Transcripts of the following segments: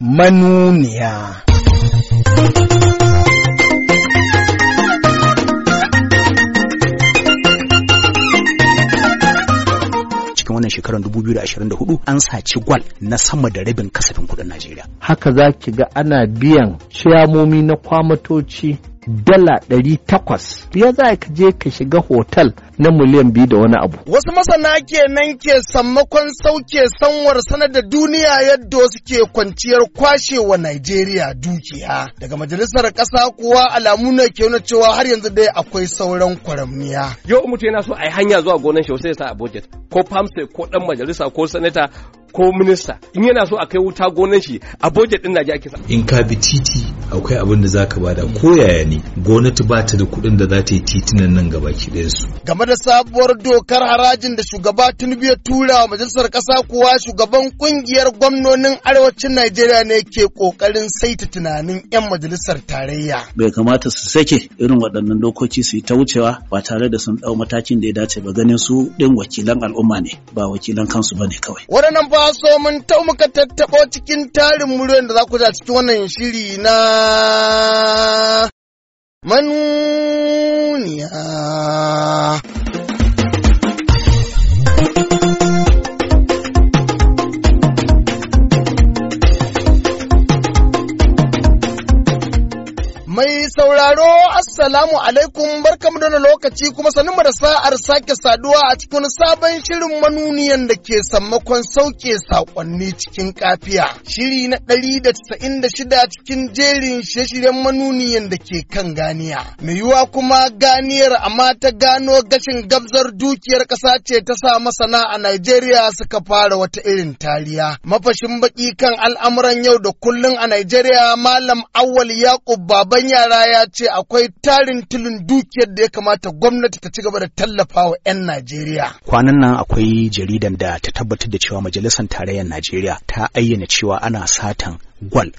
manuniya. wannan shekarar 2024 an saci gwal na sama da rabin kasafin kudin Najeriya. Haka za ki ga ana biyan ciyamomi na kwamatoci dala ɗari takwas ya za ka je ka shiga hotel na miliyan biyu da wani abu. Wasu masana ke nan ke sammakon sauke sanwar sanar da duniya yadda wasu ke kwanciyar kwashewa Najeriya dukiya. Daga majalisar ƙasa kuwa alamu ne ke nuna cewa har yanzu dai akwai sauran kwaramniya. Yau mutum yana so a yi hanya zuwa gonan shi sai ya sa a budget ko famsa ko ɗan majalisa ko sanata ko minista in yana so a kai wuta gonan shi a budget ɗin Najeriya sa. In ka bi titi akwai abin da zaka bada mm. ko yaya ne gwamnati ba ta da kuɗin da za ta yi titunan nan gaba ki su game da sabuwar dokar harajin da shugaba Tinubu ya tura wa majalisar ƙasa kuwa shugaban ƙungiyar gwamnonin arewacin Najeriya ne ke kokarin saita tunanin 'yan majalisar tarayya bai kamata su sake irin waɗannan dokoki su yi ta wucewa ba tare da sun ɗau matakin da ya dace ba ganin su ɗin wakilan al'umma ne ba wakilan kansu ba ne kawai waɗannan ba so mun taumaka tattaɓo cikin tarin muryar da za ku ja cikin wannan shiri na manuniya Mai sauraro Assalamu alaikum barkamu da lokaci kuma sanin da sa'ar sake saduwa a cikin sabon shirin manuniyan da ke sammakon sauke saƙonni cikin kafiya. Shiri na ɗari da casa'in da shida cikin jerin shirye-shiryen manuniyan da ke kan ganiya. Mai yiwuwa kuma ganiyar amma ta gano gashin gabzar dukiyar ƙasa ce ta sa masana a Najeriya suka fara wata irin tariya. Mafashin baƙi kan al'amuran yau da kullun a Najeriya Malam Awal Yakub Baban Wani yara ya ce akwai tarin tilin dukiyar da ya kamata gwamnati ta ci gaba da tallafa wa 'yan Najeriya. Kwanan nan akwai jaridan da ta tabbatar da cewa Majalisar Tarayyar Najeriya ta ayyana cewa ana satan gwal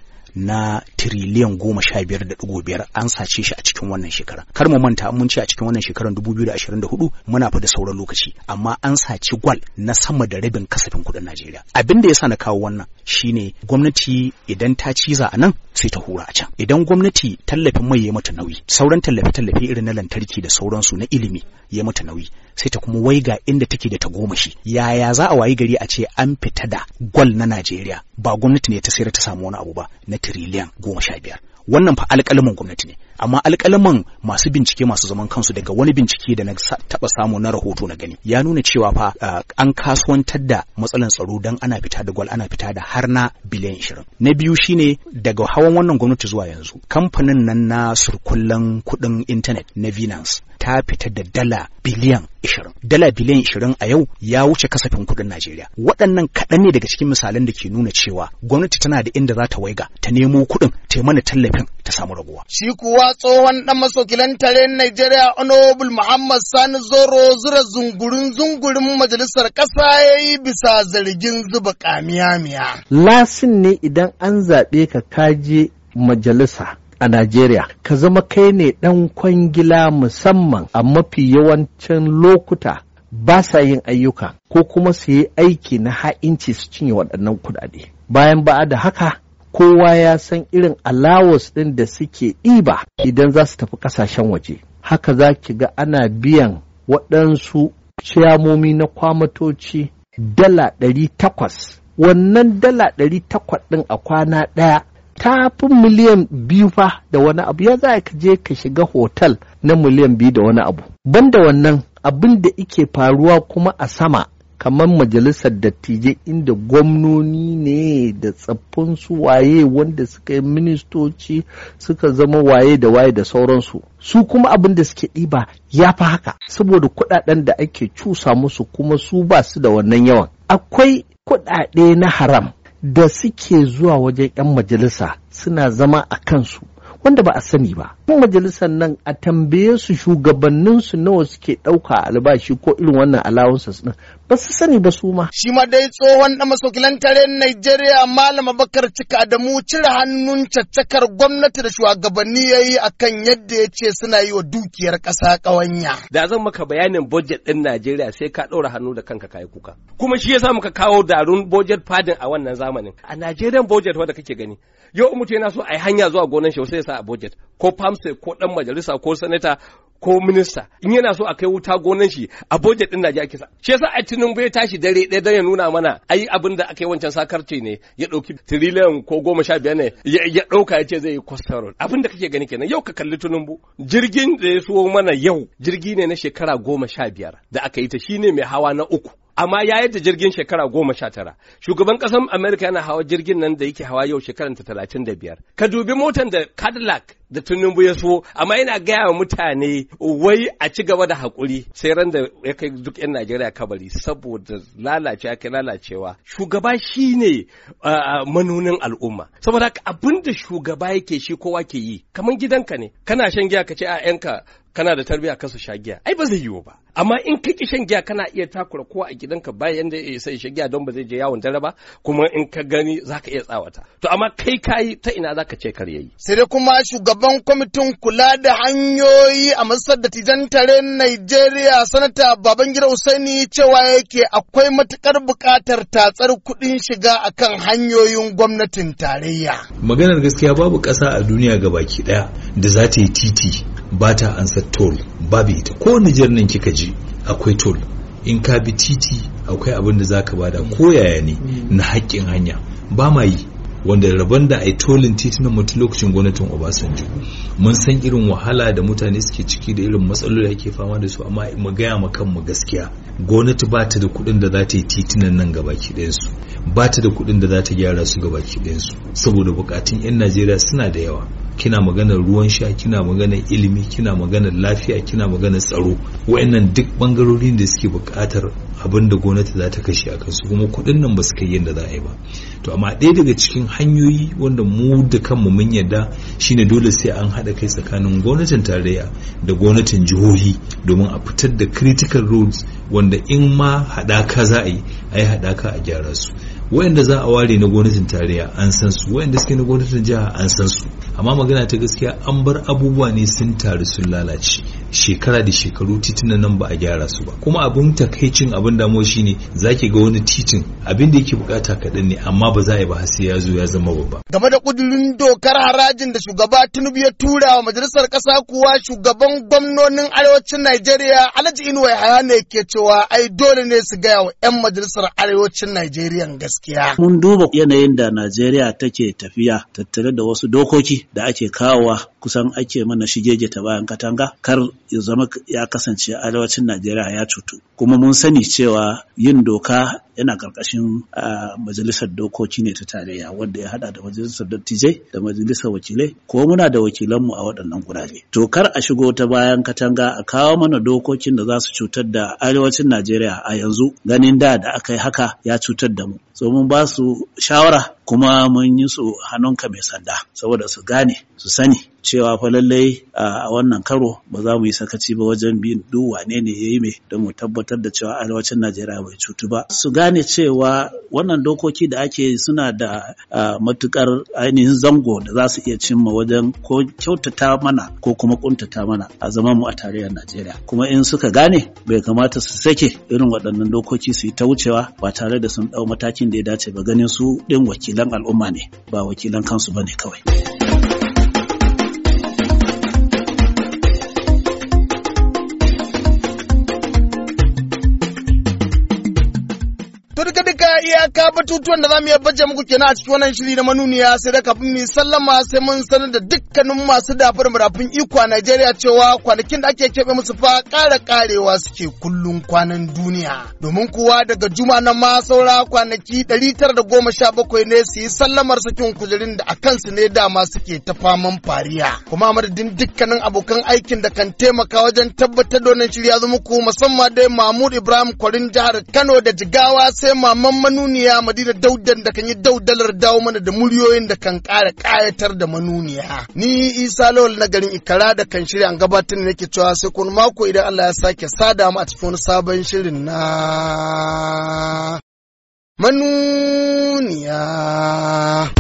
na tiriliyan goma sha biyar da ɗigo biyar an sace shi a cikin wannan shekara kar mu manta mun ce a cikin wannan shekarar dubu biyu da ashirin da hudu muna fa da sauran lokaci amma an saci gwal na sama da rabin kasafin kuɗin Najeriya abin da ya sa na kawo wannan shine gwamnati idan ta ciza a nan sai ta hura a can idan gwamnati tallafin mai ya mata nauyi sauran tallafe-tallafe irin na lantarki da sauransu na ilimi ya mata nauyi sai ta kuma waiga inda take da ta goma shi yaya za a wayi gari a ce an fita da gwal na Najeriya ba gwamnati ne ta sayar ta samu wani abu ba na tiriliyan goma sha biyar wannan fa alƙalamin gwamnati ne amma alƙalaman masu bincike masu zaman kansu daga wani bincike da na taɓa samu na rahoto na gani ya nuna cewa fa an kasuwantar da matsalan tsaro dan ana fita da gwal ana fita da har na biliyan ishirin na biyu shine daga hawan wannan gwamnati zuwa yanzu kamfanin nan na surkullen kuɗin intanet na Binance ta fita da dala biliyan ishirin. Dala biliyan ishirin a yau ya wuce kasafin kuɗin Najeriya. Waɗannan kaɗan ne daga cikin misalan da ke nuna cewa gwamnati tana da inda za ta waiga ta nemo kuɗin ta mana tallafin ta samu raguwa. Shi kuwa tsohon ɗan masokilan taren Najeriya Honorable Muhammad Sani Zoro zura zungurin zungurin majalisar ƙasa ya yi bisa zargin zuba kamiya-miya. Lasin ne idan an zaɓe ka kaje majalisa a Najeriya ka zama kai ne ɗan kwangila musamman a mafi yawancin lokuta ba sa yin ayyuka ko kuma su yi aiki na ha'inci su cinye waɗannan kuɗaɗe. Bayan ba'a da haka kowa ya san irin alawas ɗin da suke ɗiba idan za su tafi ƙasashen waje haka za ki ga ana biyan waɗansu ciyamomi na kwamatoci dala ɗari takwas wannan dala ɗari takwas ɗin a kwana ɗaya ta fi miliyan biyu fa da wani abu ya za ka je ka shiga hotel na miliyan biyu da wani abu banda wannan abin da ike faruwa kuma a sama kamar majalisar dattijai inda gwamnoni ne da tsaffin su waye wanda suka yi ministoci suka zama waye da waye da sauransu su kuma abin da suke ɗiba ya fi haka saboda kuɗaɗen da ake cusa musu kuma su ba su da wannan yawan akwai kuɗaɗe na haram da suke zuwa wajen 'yan majalisa suna zama a kansu wanda ba a sani ba majalisar nan a tambaye su shugabannin su nawa suke ɗauka albashi ko irin wannan alawansa din ba su sani ba su ma. Shi ma dai tsohon dan masokilan tare Najeriya Malama, Bakar, Cika da mu cire hannun caccakar gwamnati da shugabanni yayi akan yadda ya ce suna yi wa dukiyar ƙasa ƙawanya. Da zan maka bayanin budget ɗin Najeriya sai ka ɗora hannu da kanka kai kuka. Kuma shi yasa muka kawo darun budget fadin a wannan zamanin. A Najeriyan budget wanda kake gani. Yau mutum yana so a yi hanya zuwa gonan shi sai ya sa a budget. ko famsa ko dan majalisa ko sanata ko minista in yana so a kai wuta gonan shi a budget din Najeriya kisa shi yasa a Tinubu ya tashi dare ɗaya dan ya nuna mana ai abin da aka yi wancan sakarci ne ya ɗauki trillion ko goma sha biyar ne ya ɗauka ya ce zai yi cholesterol abin da kake gani kenan yau ka kalli Tinubu jirgin da ya so mana yau jirgi ne na shekara goma sha biyar da aka yi ta shine mai hawa na uku amma ya yadda jirgin shekara goma sha tara shugaban ƙasar amerika yana hawa jirgin nan da yake hawa yau shekaran ta talatin da biyar ka dubi motan da cadillac da tunubu ya so amma yana gaya wa mutane wai a ci gaba da hakuri sai ran da ya kai duk 'yan najeriya kabari saboda lalace aka lalacewa shugaba shi ne manonin al'umma saboda abin da shugaba yake shi kowa ke yi kamar gidanka ne kana shan giya ka ce a 'yanka kana da tarbiya ka su sha giya ai ba zai yiwu ba amma in ka ki shan giya kana iya takura ko a gidanka bayan yanda ya sai shan giya don ba zai je yawon dare ba kuma in ka gani zaka iya tsawata to amma kai kayi ta ina zaka ce kar yayi sai dai kuma shugaban kwamitin kula da hanyoyi a masar da tijan tare Najeriya sanata Babangida Usaini cewa yake akwai matukar buƙatar tatsar kuɗin shiga akan hanyoyin gwamnatin tarayya maganar gaskiya babu kasa a duniya gabaki ɗaya da za ta yi titi ba ta ansa toll babu ita ko Nijar nan kika ji akwai toll in ka bi titi akwai abin da zaka bada ko yaya ne mm. na haƙƙin hanya ba ma yi wanda rabon da a yi tolin titunan mutu lokacin gwamnatin obasanjo mun san irin wahala da mutane suke ciki da irin matsaloli ake fama da su amma mu gaya ma kanmu gaskiya gwamnati ba ta da kuɗin da za ta yi titunan nan gabaki ɗayansu ba ta da kuɗin da za ta gyara su gabaki ɗayansu saboda bukatun 'yan najeriya suna da yawa kina maganar ruwan sha kina maganar ilimi kina maganar lafiya kina maganar tsaro wayannan duk bangarorin da suke buƙatar abin da gwamnati za ta kashe a kansu kuma kuɗin nan ba su kai yadda za a yi ba to amma ɗaya daga cikin hanyoyi wanda mu da kanmu mun yarda shine dole sai an haɗa kai tsakanin gwamnatin tarayya da gwamnatin jihohi domin a fitar da critical roads wanda in ma haɗaka za a yi a yi haɗaka a gyara su wayanda za a ware na gwamnatin tarayya an san su wayanda suke na gwamnatin jiha an san su amma magana ta gaskiya an bar abubuwa ne sun taru sun lalace shekara da shekaru titunan nan ba a gyara su ba kuma abin takaicin abin damuwa shine zaki ga wani titin abin da yake bukata kaɗan ne amma ba za a yi ba har sai ya zo ya zama babba game da kudurin dokar harajin da shugaba tinubu ya tura wa majalisar ƙasa kuwa shugaban gwamnonin arewacin najeriya alhaji inuwa yahaya ne ke cewa ai dole ne su gaya wa 'yan majalisar arewacin najeriya gaskiya mun duba yanayin da najeriya take tafiya tattare da wasu dokoki da ake kawowa kusan ake mana shigege ta bayan katanga kar ya zama ya kasance arewacin Najeriya ya cutu. Kuma mun sani cewa yin doka yana ƙarƙashin majalisar dokoki ne ta tarayya wanda ya hada da majalisar dattijai da majalisar wakilai ko muna da wakilanmu a waɗannan gurare. To kar a shigo ta bayan katanga a kawo mana dokokin da za su cutar da arewacin Najeriya a yanzu ganin da da aka yi haka ya cutar da mu. So mun ba su shawara kuma mun yi su hannun ka mai sanda saboda su gane su sani cewa fa lallai a wannan karo ba za mu yi sakaci ba wajen bin duk wane ne ya yi mai don mu tabbatar da cewa arewacin Najeriya bai cutu ba. Su gane cewa wannan dokoki da ake suna da matukar ainihin zango da za su iya cimma wajen ko kyautata mana ko kuma kuntata mana a zama mu a tarayyar Najeriya. Kuma in suka gane bai kamata su sake irin waɗannan dokoki su yi ta wucewa ba tare da sun ɗau matakin da ya dace ba ganin su ɗin wakilan al'umma ne ba wakilan kansu ba ne kawai. ya iyaka batutuwan da za mu iya baje muku kenan a cikin wannan shiri na manuniya sai da kafin mu sallama sai mun sanar da dukkanin masu dafar murafin iko a Najeriya cewa kwanakin da ake keɓe musu fa ƙara ƙarewa suke kullum kwanan duniya. Domin kuwa daga juma na ma saura kwanaki 917 tara da goma sha bakwai ne su yi sallamar sakin kujerin da a kansu ne dama suke ta faman fariya. Kuma madadin dukkanin abokan aikin da kan taimaka wajen tabbatar da wannan shiri ya zo muku musamman dai Mahmud Ibrahim Kwarin jihar Kano da Jigawa sai Maman manuniya madina daudan da kan yi daudalar dawo mana da muryoyin da kan ƙara ƙayatar da manuniya. Ni Isa Lawal na garin Ikara da kan shirya an gabatar da nake cewa sai kun mako idan Allah ya sake sada mu a cikin sabon shirin na manuniya.